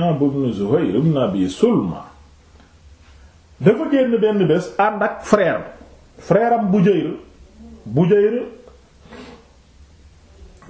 Ka'b ibn Zuhayr ibn Abi Sulma dafa génn benn bés ànd ak frère frère am Bujayr Bujayr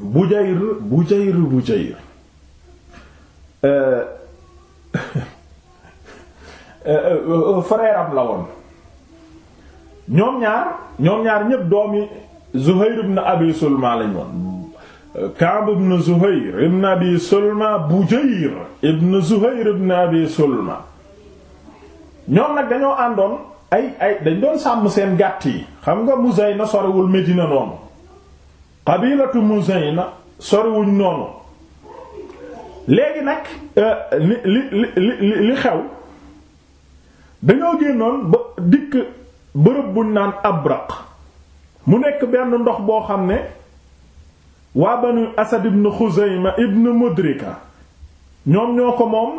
Bujayr Bujayr Bujayr euh, euh, euh, frère am la woon ñoom ñaar ñoom ñaar ñépp doomi Zuhayr ibn Abi Sulma lañ woon Kaab ibn Zuhayr ibn Abi Sulma Bujayr ibn Zuhayr Abi Sulma ñoom nag dañoo àndoon ay ay dañ doon sàmm seen gàtt yi xam nga Muzayna sorewul Medina noonu qabilatu Muzayna sorewuñ noonu léegi nag euh, li li li li xew dañoo génnoon ba dikk bërëb buñ naan Abraq mu nekk benn ndox boo xam ne waa banu asad ibn xuzayma ibn mudrika ñoom ñoo ko moom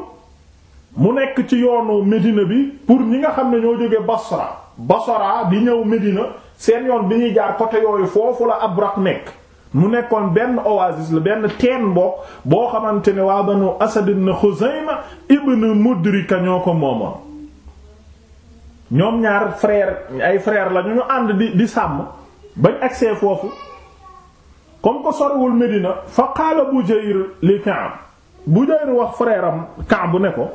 mu nekk ci yoonu médina bi pour ñi nga xam ne ñoo jóge basra basra bi ñëw médina seen yoon bi ñuy jaar côté yooyu foofu la abraq nekk mu nekkoon benn oasis la benn teen bokk boo xamante ne waa banu asad ibn xuzayma ibn mudrika ñoo ko moomoon ñoom ñaar frère ay frère la ñu ñu ànd di di sàmm bañ agsee foofu comme que sorewul Medina fa qaala Bujayr li Ka'b Bujayr wax frère am Ka'b bu ne ko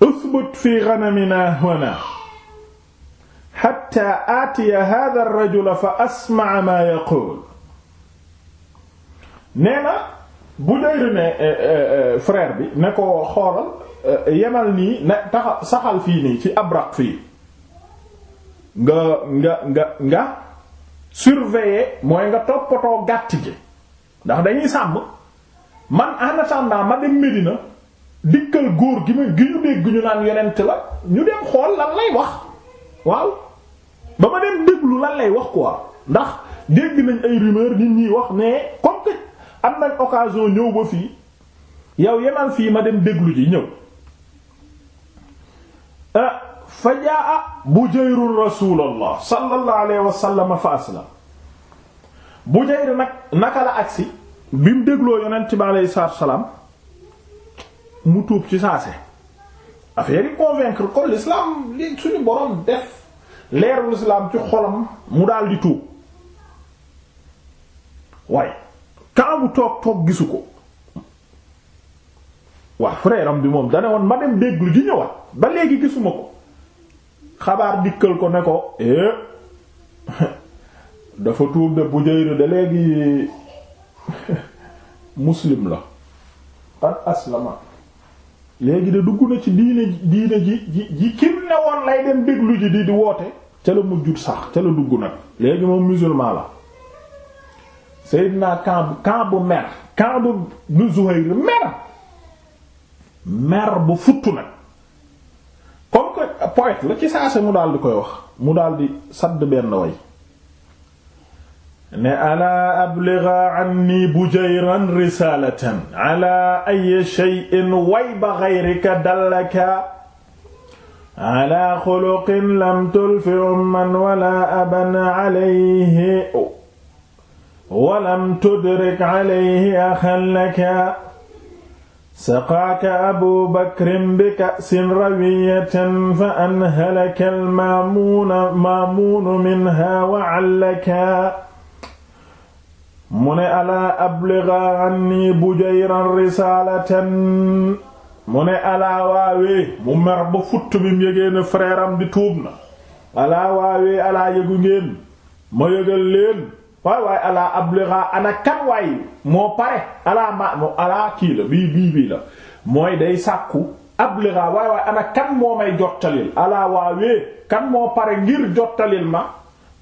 usbut fi ghanamina huna hatta aatiya hadha ar-rajula fa asma'a ma yaqul nee na Bujayr ne eh, eh, eh, frère bi ne ko xoolal yemal nii ne taxa saxal fii nii ci abraq fii nga nga nga nga surveiller mooy nga toppatoo gàtt gi ndax dañuy sàmm man en attendant ma dem Medina dikkal góor gi ma gi ñu dégg ñu naan yonent la ñu dem xool lan lay wax waaw ba ma dem déglu lan lay wax quoi ndax dégg nañ ay rumeur nit ñi wax ne comme que am nañ occasion ñëw ba fii yow yemal fii ma dem déglu ji ñëw euh, fa jaa Bujayr rasulallah sallallahu alayhi fa aslam Bujayr nag naka la agsi bi mu dégloo yonent bi alayhi salaam mu tuub ci saase affaire yi convaincre ko li suñu boroom def leeru l'islam ci xolam mu daal di tuub waaye kaamu toog toog gisu ko waa frère bi moom dane woon ma dem déglu ji ñëwaat ba léegi gisuma ko xabaar dikkal ko ne ko eh dafa tuub de Bujayr de léegi muslim la qad aslama léegi de dugg na ci diine diine ji ji ji kim ne woon lay dem déglu ji di di woote ca la mujjut sax ca la dugg nag léegi moom musulman la Seydina Kaab Kaabu mer Kaabu nu Zuhayr mer mer bu futtu nag comme que poète la ci saase mu daal di koy wax mu daal di sadd benn way ne alaa abligha anni bujayran risalatan ala ay shay'in wayba ghayrika dallaka ala xuluqin lam tulfi umman wala aban alayhi walam tudrik alayhi axan laka saqaaka abu bakrin bi ka'sin rawiyatan fa anhalaka al-maamuuna maamuunu minhaa wa 'allaka mu ne alaa abligha anni bujayran risaalatan mu ne alaa waawee mu mer ba futt bi mu yëgee ne frère am bi tuub na alaa waawee alaa yëgu ngeen ma yëgal leen waay waaye alaa abligha ana kan waay moo pare alaa ma alaa kii la bii bii bii la mooy day sàkku ab waay waaye ana kan moo may jottalil alaa waawee kan moo pare ngir jottalil ma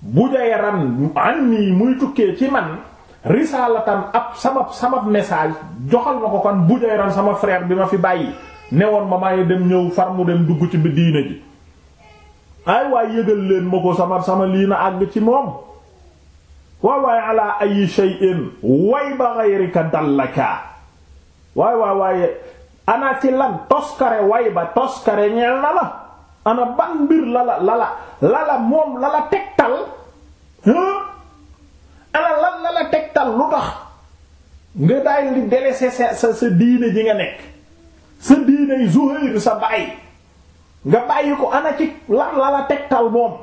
bu jayaran an nii muy tukkee ci man risaalatan ab samab samab message joxal ma ko kan bu jayaran sama frère bi ma fi bàyyi newoon ma may dem ñëw far mu dem dugg ci bi diine ji ay waay yëgal leen ma ko sama sama lii na àgg ci moom waay waay ala ayi shay'in way ba ghayrika dallaka waay waay waaye ana ci lan toskare way ba toskare ñeel na la ana ban mbir lala lala lala moom lala tegtal ana lan lala tegtal lu tax nga daay li délaisser sa sa sa diine ji nga nekk sa diine Zuhayr sa bàyyi nga bàyyi ko ana ci lan lala tegtal moom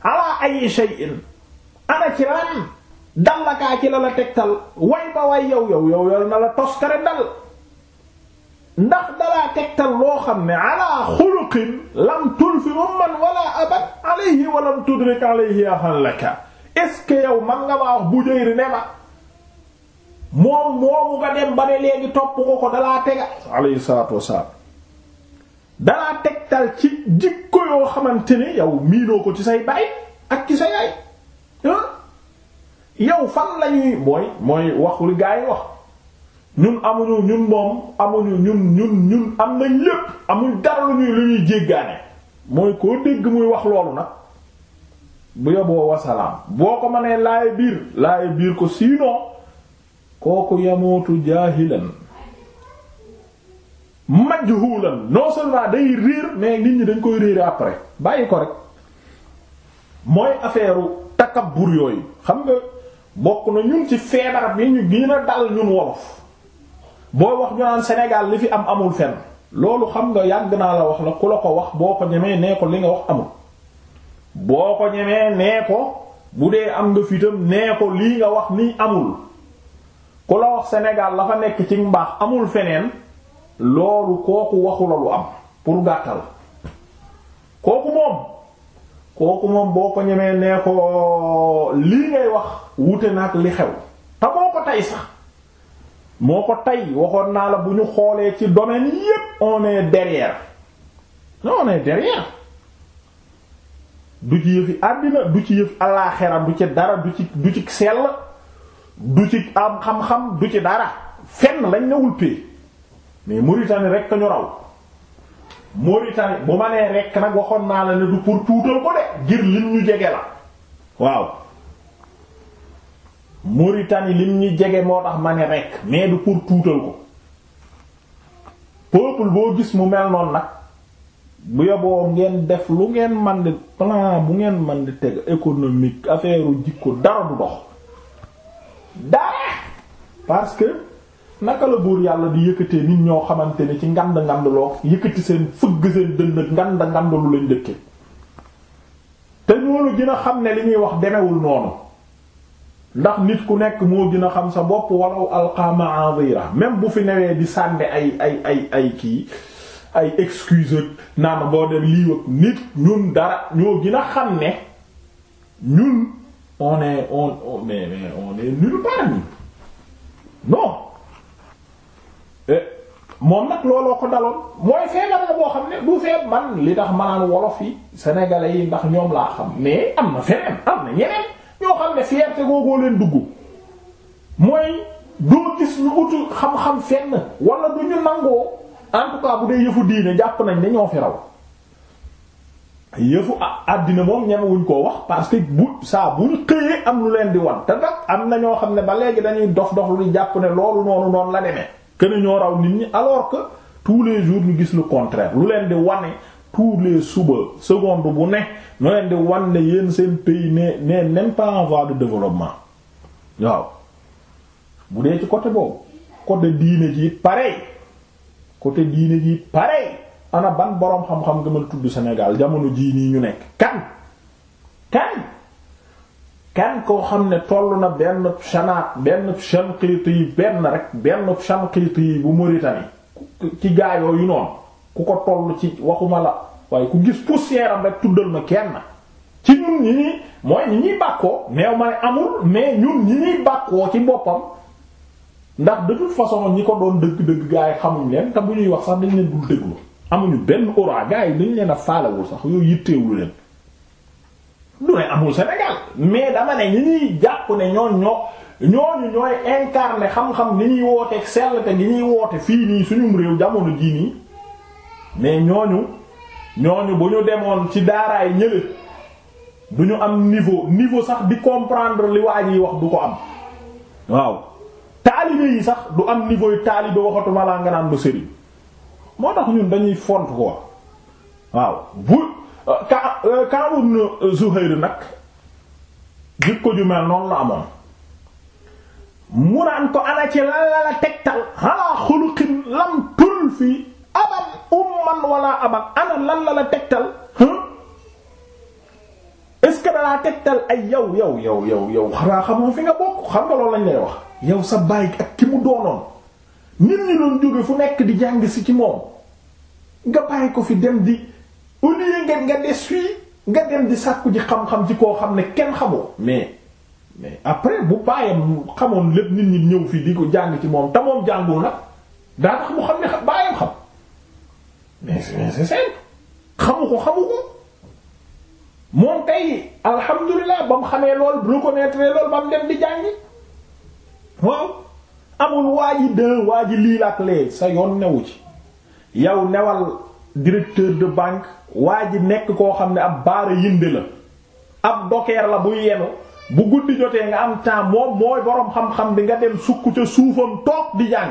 ala ayi shay'in ana ci lan dal la kaa ci la la tegtal way ba way yow yow yow yow na la toskare dal ndax dalaa tegtal loo xam ne ala xuluqin lam tulfi umman wala abad alayhi wa lam tudrik alayhi ahan laka est-ce yow man nga ma wax bu jëyri ne ma moom moomu nga dem ba ne léegi topp ko ko dalaa tega alayhi salaatu wasalaam dalaa tegtal ci jikko yoo xamante ne yow miinoo ko ci say baay ak ci sa yaay yow fan lañuy mooy mooy waxu gaa yi wax ñun amuñu ñun moom amuñu ñun ñun ñun am nañ lépp amuñ dara lu ñuy lu ñuy jéggaane mooy koo dégg muy wax loolu nag bu yoboo wasalaam boo ko mënee laay biir laay biir ko sinon kooku yamootu jaahilan majhulan non seulement day réer mais nit ñi dañ koy réere après bàyyi ko rek mooy affaire takabbur yooyu xam nga bokk na ñun ci feebar bi ñu gën dal ñun wolof booy wax ñu naan li fi am amul fen loolu xam nga yàgg naa la wax la ku la ko wax boo ko ñemee nee ko li nga wax amul boo ko ñemee nee bu dee am nga fitam nee ko lii nga wax nii amul ku la wax Sénégal la fa nekk ci mbaax amul feneen loolu kooku waxu la lu am pour gàttal kooku moom kooku moom boo ko ñemee nee ko lii ngay wax wute nag li xew te moo ko tey sax moo ko tey waxoon naa la bu ñu xoolee ci domaine yépp on est derrière non du ci yëfi àddina du ci yëf alaaxera du ci dara du ci du ci sell du ci am xam-xam du ci dara fenn lañ newul pee mais Mauritanie rek ka ñu raw Mauritanie bu ma nee rekk nag waxoon naa la ne du pour tuutal ko de ngir lim ñu jege la waaw Mauritanie lim ñu jege moo tax ma ne rekk mais du pour tuutal ko peuple boo gis mu mel noonu nag bu yoboo ngeen def lu ngeen man di plan bu ngeen man di teg économique affaire jikko dara du dox dara parce que naka la buur yàlla di yëkkatee nit ñoo xamante ni ci ngand ngand loo yëkkati seen fëgg seen dënd ak ngand ngand lu lañ dëkkee te ñoonu gën a xam ne li ñuy wax demewul noonu ndax nit ku nekk moo gën a xam sa bopp walaw alqaama andira même bu fi newee di sànde ay ay ay ay kii ay excuse naan boo dem lii wëg nit ñun dara ñoo gën a xam ne ñun on est on mais mais on est nulle moom nag looloo ko daloon mooy feebar la boo xam ne du feeb man li tax manaan wolof yi sénégalais yi ndax ñoom laa xam mais am na feneen am na ñeneen ñoo xam ne fierté leen dugg mooy doo xam-xam fenn wala du ñu nangoo en tout cas bu dee nañ ne ñoo fi raw yëfu àddina moom ñemewuñ koo wax parce que bu saa bu xëyee am lu leen di wan te nag am na ñoo xam ne ba léegi dañuy dox dof lu jàpp ne loolu noonu noonu la demee. ne ñoo raw nit ñi alors que tous les jours ñu gis lu contraire lu leen di wane tous les suba seconde bu ne ñu leen di wane ne yéen seen pays ne ne même pas en voie développement waaw bu dee ci côté boobu côté diine ji pareil côté diine ji pareil ana ban boroom xam-xam nga ma tudd Sénégal jamono jii nii ñu nekk kan kan kan koo xam ne toll na benn shanaat benn Shanqiti yi benn rek benn Shanqiti bu Mauritanie ci gaayoo yu noonu ku ko toll ci waxuma la waaye ku gis poussière am rek tuddal ma kenn ci ñun ñi ñuy mooy ñi ñuy bàkkoo neew ma amul mais ñun ñi ñuy bàkkoo ci boppam ndax de toute façon ñi ko doon dëgg-dëgg gaa yi xamuñ leen te bu ñuy wax sax dañ leen dul déglu amuñu benn aura gaa dañ leen a faalewul sax yooyu yittewul leen du ne amul Sénégal mais dama ne ñi ñuy jàpp ne ñoon ñoo ñooñu ñooy incarner xam-xam ni ñuy woote ak sell te ni ñuy woote fii nii suñum réew jamono jii nii mais ñooñu ñooñu bu ñu demoon ci daaraay ñële du ñu am niveau niveau sax di comprendre li waa ji wax du ko am waaw taalibe yi sax du am niveau yu taalibe waxatuma laa nga naan ba sëriñ moo tax ñun dañuy font quoi waaw bu Euh, Ka euh, Ka'b ibn Zuhayr nag jikko ju mel la amoon mu naan ko ana ci lan la la tegtal ala xuluqin lam tulfi aban umman wala aban ana lan la la tegtal est-ce que tegtal ay yow yow yow yow yow xanaa xamoo fi nga bokk xam nga loolu lañ lay wax yow sa baay ak ki mu doonoon nit ñi doon jóge fu nekk di jàng si ci moom nga bàyyi ko fi dem di. au lieu nga nga des fii nga dem di sàkku ji xam-xam ci koo xam ne kenn xamoo mais mais après bu baayam xamoon lépp nit ñi ñëw fii di ko jàng ci moom te moom jàngul nag daa mu xam ne baayam xam mais c'est simple xamu ko xamu ko moom kay alhamdulilah ba mu xamee lool reconnaître lool ba mu dem di jàngi waaw amul waa ji dë waa ji lii la ak lee sa yoon newu ci yow newal directeur de banque waa ji nekk koo xam ne ab baara yinde la ab dokeer la bu yenu bu guddi jotee nga am temps moom mooy boroom xam-xam bi nga dem sukk ca suufam toog di jàng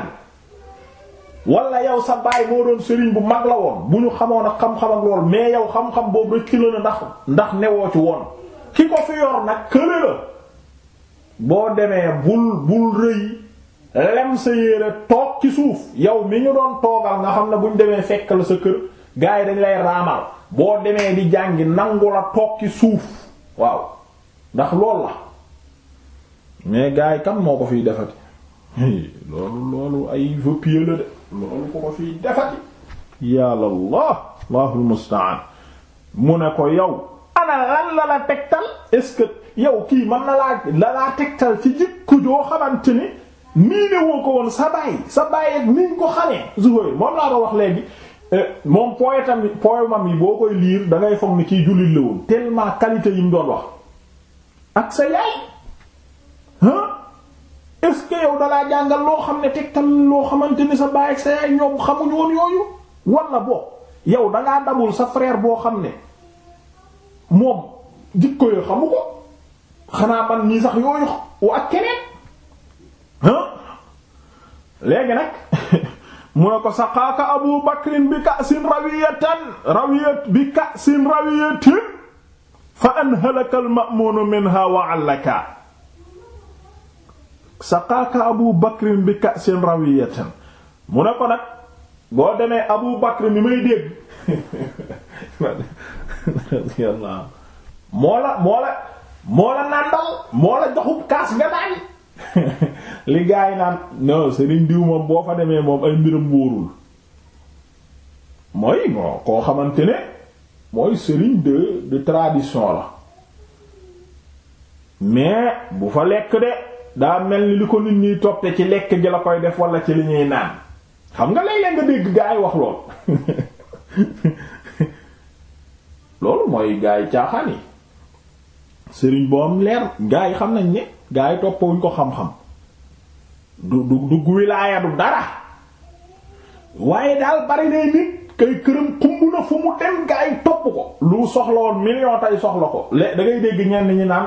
wala yow sa baay moo doon sëriñ bu mag la woon bu ñu xamoon ak xam-xam lool mais yow xam-xam boobu rek kilo na ndax ndax newoo ci woon ki ko fi yor nag kële la boo demee bul bul rëy lem sa yére toog ci suuf yow mi ñu doon toogal nga xam na bu ñu demee fekk la sa kër gars yi dañ lay raamal boo demee di jàngi nangu la toog suuf waaw ndax lool la mais gars yi kan moo ko fiy defati loolu loolu ay vapier la de loolu ko ko fiy defati yàlla allah allahul ne ko yow ana la la tegtal est-ce que yow kii mën na laa la laa tegtal ci jikko joo xamante ni mii ne woo ko woon sa baay sa baay ak niñ ko xamee Zuhayr moom laa ko wax léegi moom poètam poèmam yi boo koy liir da ngay foog ni kiy jullit la woon tellement qualité yi doon wax ak sa yaay ah est-ce que jàngal loo xam ne tegtal loo xamante ni sa baay ak sa yaay ñoom xamuñ woon yooyu walla boo yow dangaa dabul sa frère boo xam ne moom jikko koy xamu ko xanaa ban nii sax yooyu wa ak keneen léegi nag mu ne ko saqaaka abu bakrin bi ka'sin rawiyatan rawiyat bi ka'sin rawiyatin fa anhalaka al minha wa 'allaka saqaaka abu bakrin bi ka'sin rawiyatan mu ne ko nag boo demee abu bakr mi may dégg moo la moo la moo la nandal moo la joxub kaas nga naan li gaay naan non sëriñ diw moom boo fa demee moom ay mbiram wóorul mooy bon koo xamante ne mooy sëriñ de de tradition la mais bu fa lekk de daa mel ni li ko nit ñuy toppe ci lekk gi la koy def wala ci li ñuy naan xam nga léeg-léeg nga dégg gaay wax lool loolu mooy gaay caaxaan sëriñ boo am leer gaa yi xam nañ ni gaa yi toppawuñ ko xam-xam du du du wilaaya du dara waaye daal bari nay nit kay këram xumb na fu mu dem gaa topp ko lu soxla woon million tay soxla ko le- dangay dégg ñenn ñi naan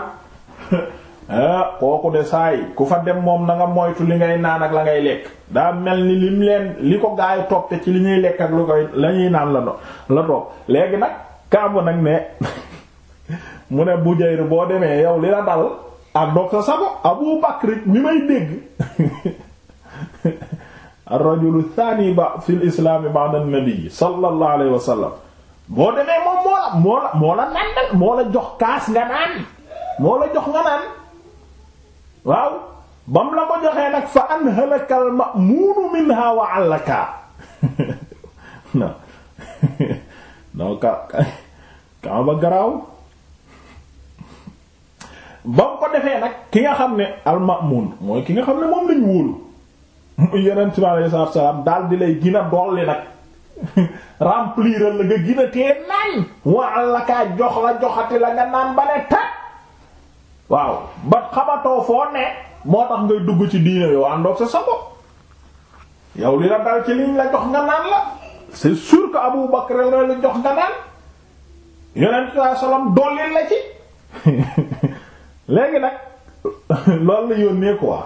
ah kooku de saay ku fa dem moom na nga moytu li ngay naan ak la ngay lekk daa mel ni lim leen li ko gaa yi toppe ci li ñuy lekk ak lu koy la ñuy naan la do la topp léegi nag kaamu nag ne mu ne Bujayr boo demee yow li la dal ak dog sa sago Abu Bakr mi may dégg ar-rajulu thani ba fil islaami ba'da an-nabi moom moo la moo la nandal moo la jox kaas nga naan moo la jox nga naan waaw bam la ko joxee nag fa anhalaka al minha wa 'allaka non non ka ka garaaw ba mu ko defee nag ki nga xam ne almamun mooy ki nga xam ne moom lañ wóolu mu yonent bi alayhi salaatu daal di lay gina dolli nag remplir la nga gina tee naan waal la kaa jox la joxati la nga naan ba ne tat waaw ba xamatoo foo ne moo tax ngay dugg ci bi yow àndoog sa sabo yow li la dal ci liñ la jox nga naan la c'est sûr que Abu Bakr la jox nga naan yonent bi alayhi salaam dolli la ci léegi nag lool la yónnee quoi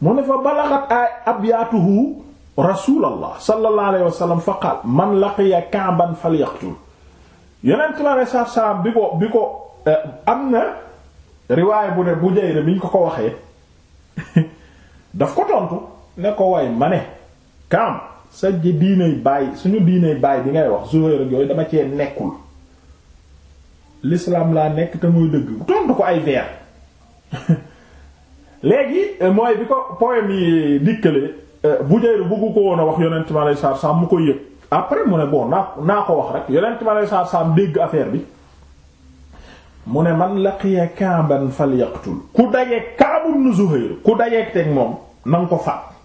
mu ne fa balaxat ay abyaatuhu rasulallah sallallahu alayhi man laqiya ka'ban falyaqtul yonent bi alayhi salaatu wa salaam bi ko bi ko eh, am na riwaay bu ne bu jayre bi ñu ko ko waxee daf ko tontu ne ko way ma ne kaam sa diinay baay suñu diinay baay bi ngay wax Zuhayr yooyu dama cee nekkul l'islam laa nekk te muy dëgg tontu ko ay vers léegi euh, mooy bi ko poème yi dikkale euh, Bujayru bëggu ko woon a wax yonent mi alayhi salaatu salaam mu ko yëg après mu ne bon naa naa ko wax rek yonent mi alayhi salaatu salaam dégg affaire bi mu ne man laqiya Ka'ban falyaqtul ku dajeeg Ka'b ibn Zuhayr ku dajeeg teg moom nang ko faat